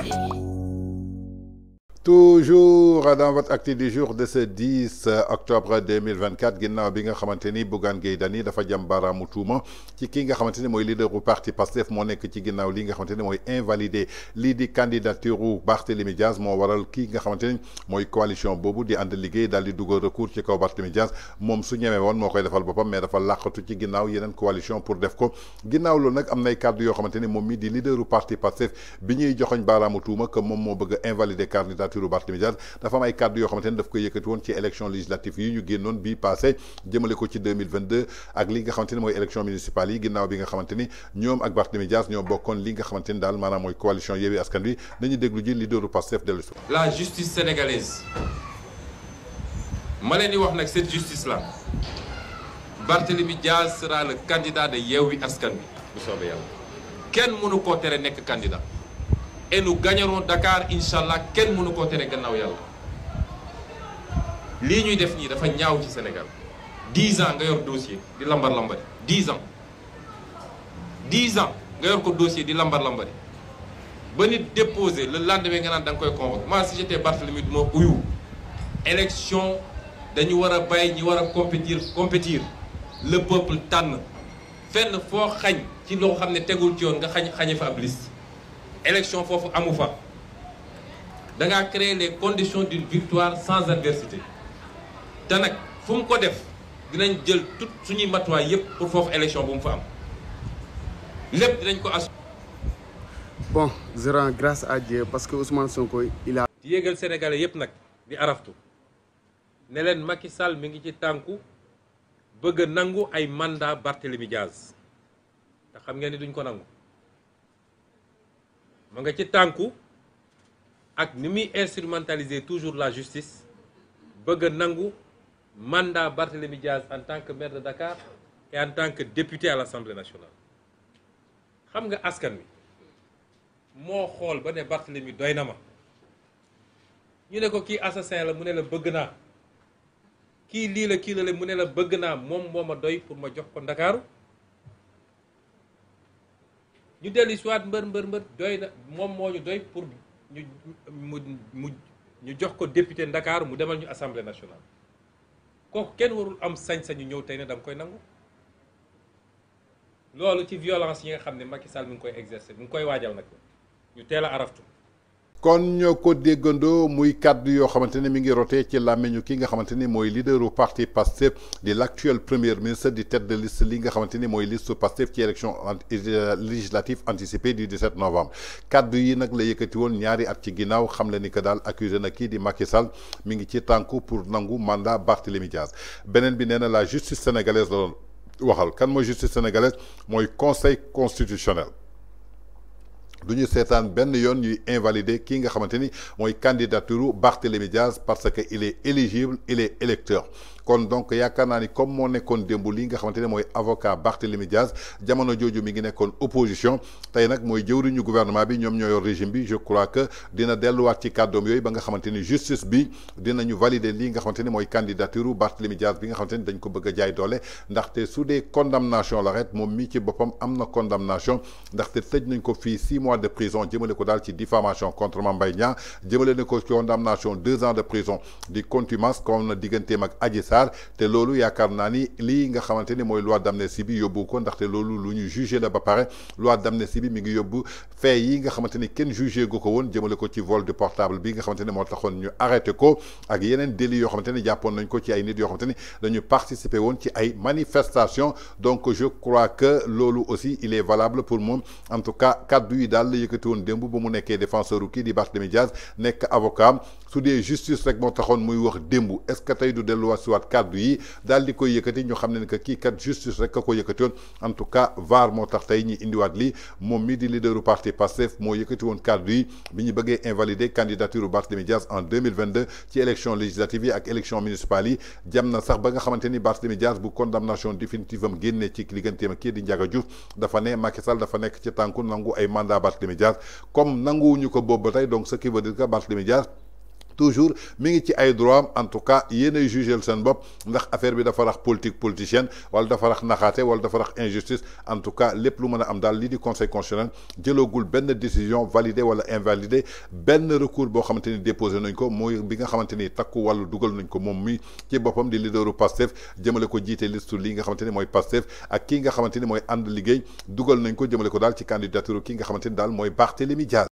え toujours dans votre acte du jour de ce 10 octobre 2024 ginnaaw bi nga xamante Bougan Bougane Gueye Dany dafa jam baaraamu tuuma ci ki nga xamante ni mooy leader bu parti Pastef ci li nga invalidé di candidature u Barthélémy Diaz moo waral kii nga coalition boobu di ànd liggéey daal di dugal recours ci kaw Barthélémy Diaz moom su ñemee woon moo koy defal boppam mais dafa làqatu ci coalition pour def ko ginnaaw loolu nag am nay mi di leader bu parti Pastef bi ñuy joxoñ baaraamu tuuma que moom moo bëgg invalider candidature Barthélémy Dias dafa am ay kàddu yoo xamante ne daf koy yëkkati woon ci élection législative yi ñu génnoon bii passé jëmale ko ci 2022 ak li nga xamante ne mooy élection municipale yi ginnaaw bi nga xamante ni ñoom ak Barthélémy Dias ñoo bokkoon li nga xamante ni daal maanaam coalition Yewwi Askan Wi nañu déglu ji leaderu Pastef dellu la justice sénégalaise ma leen di wax nag cette justice là Barthélémy Dias sera le candidat de Yewwi Askan Wi bu soobee yàlla kenn mënu koo tere nekk candidat et nous gagnerons Dakar incha kenn mënu koo tere gannaaw yàlla lii ñuy def nii dafa ñaaw ci Sénégal dix ans nga yor dossier di lambar lambari dix ans dix ans nga yor ko dossier di lambar lambari ba nit déposé la lendemain nga naan da nga koy convoqué moi si j'étais Barthélemy du ma uyu élection dañu war a bàyyi ñi war a compétir compétir le peuple tànn fenn foo xañ ci loo xam ne tegul ci yoon nga xañ xañe fa ab liste élection fofu amu fa da nga créer les conditions d'une victoire sans adversité té nak fu ko def dinañ jël tout suñuy matuwaay yépp pour fofu élection bu mu fa am lépp dinañ ko assurer. bon je grâce à Dieu parce que Ousmane Sonko il a. yégal sénégalais yépp nak di araftu ne leen Macky Sall mi ngi ci tànku bëgg nangu ay mandat Barthélémy Diaz te xam ngeen ni duñ ko nangu. Je Tankou, en train ak instrumentaliser toujours la justice bëgg que nangu mandat Barthélémy Diaz en tant que maire de Dakar et en tant que député à l'Assemblée nationale xam nga askan mo moo ba ne Barthélémy doy ma ñu assassin la mu ne la pour ma ñu dellu si waat mbër mbër mbër doy na moom moo ñu doy pour ñu mu mu ñu jox ko député Ndakaaru mu demal ñu assemblée nationale kooku kenn warul am sañ-sañu ñëw tey ne dama koy nangu loolu ci violence yi nga xam ne Macky Sall mi ngi koy exercer mu ngi koy waajal nag ñu teel a araftu kon ñoko ko muy kàddu yo xamantene mi ngi roté ci lamiñu ki nga xamantene moy leader leaderu parti Pastef de l'actuel premier ministre di tête de liste li nga xamantene moy liste Pastef ci élection euh, législative anticipée du 17 novembre kaddu yi nak la yëkëti won ñaari at ci ginnaaw xam la ni ka dal accusé na ki di Macky Sall mi ngi ci pour nangu mandat Barthélémy Diaz benen bi la justice sénégalaise la waxal kan moy justice sénégalaise moy conseil constitutionnel nous sétane manière, benn yoon ñuy invalider ki nga xamante ni mooy candidature Barthélémy parce que il est éligible il est électeur kon donc yakarna ni comme moo nekkoon démb li nga xamante moy avocat Barthélémy Diaz jamono joju mi ngi nekkoon opposition tay nak moy jëwriñu gouvernement bi ñom ñoo régime bi je crois que dina delu wat ci kàddoom yoy ba nga xamante justice bi dinañu valider li nga xamante moy mooy candidature Barthélémy Diaz bi nga xamante dañ ko bëgg jaay doole ndax té dee condamnation la ret mom mi ci bopam amna condamnation ndax té tej nañ ko fi 6 mois de prison jëmele ko dal ci diffamation contre Mame Niang jëmele na ko condamnation 2 ans de prison di contumace comme digënté mak ak Adji Sarr te loolu yaakaar naa ni nga xamanteni moy loi d'amnistie bi yobou ko ndax té lolu luñu jugé la ba loi d'amnistie bi mi ngi yobou fait yi nga xamanteni ken juger jugé won ko ko ci vol de portable bi nga xamanteni mo taxone ñu arrêté ko ak yenen délit yo xamanteni Japon nañ ko ci ay nit yo xamanteni dañu participer won ci ay manifestations donc je crois que lolu aussi il est valable pour mon en tout cas kaddu yi dal la won dembu bu mu nekkee défenseur u kii di Barthélémy Diaz nekk avocat su justice rek mo taxone muy wax dembu est-ce que tay du delluwaat xoolaat yi dal que kat justice rek en tout cas VAR mo tax tay ñi li mi di leaderu parti Pastef mo yëkëti won yi biñu il invalider candidature en 2022 ci élection législative ak élection municipale yi sax ba nga bu condamnation définitive ci di dafa Macky Sall dafa nekk ci nangu ay mandat comme ko donc ce qui veut dire que Barthélémy toujours mi ngi ci ay droit en tout cas yéenay jugeel sen bop ndax affaire bi dafa rax politique politicienne wala dafa rax naxate wala dafa rax injustice en tout cas lepp lu meuna am dal li di conseil constitutionnel jëloogul ben décision validée wala invalidée ben recours bo xamanteni ni déposé nañ ko moy bi nga xamanteni takku walu dugal nañ ko mom mi ci bopam di leaderu Pastef jëmele ko jiite liste li nga xamanteni moy Pastef ak ki nga xamanteni moy and liguey dugal nañ ko jëmele ko dal ci candidature ki nga xamanteni dal moy Barthélémy Diaz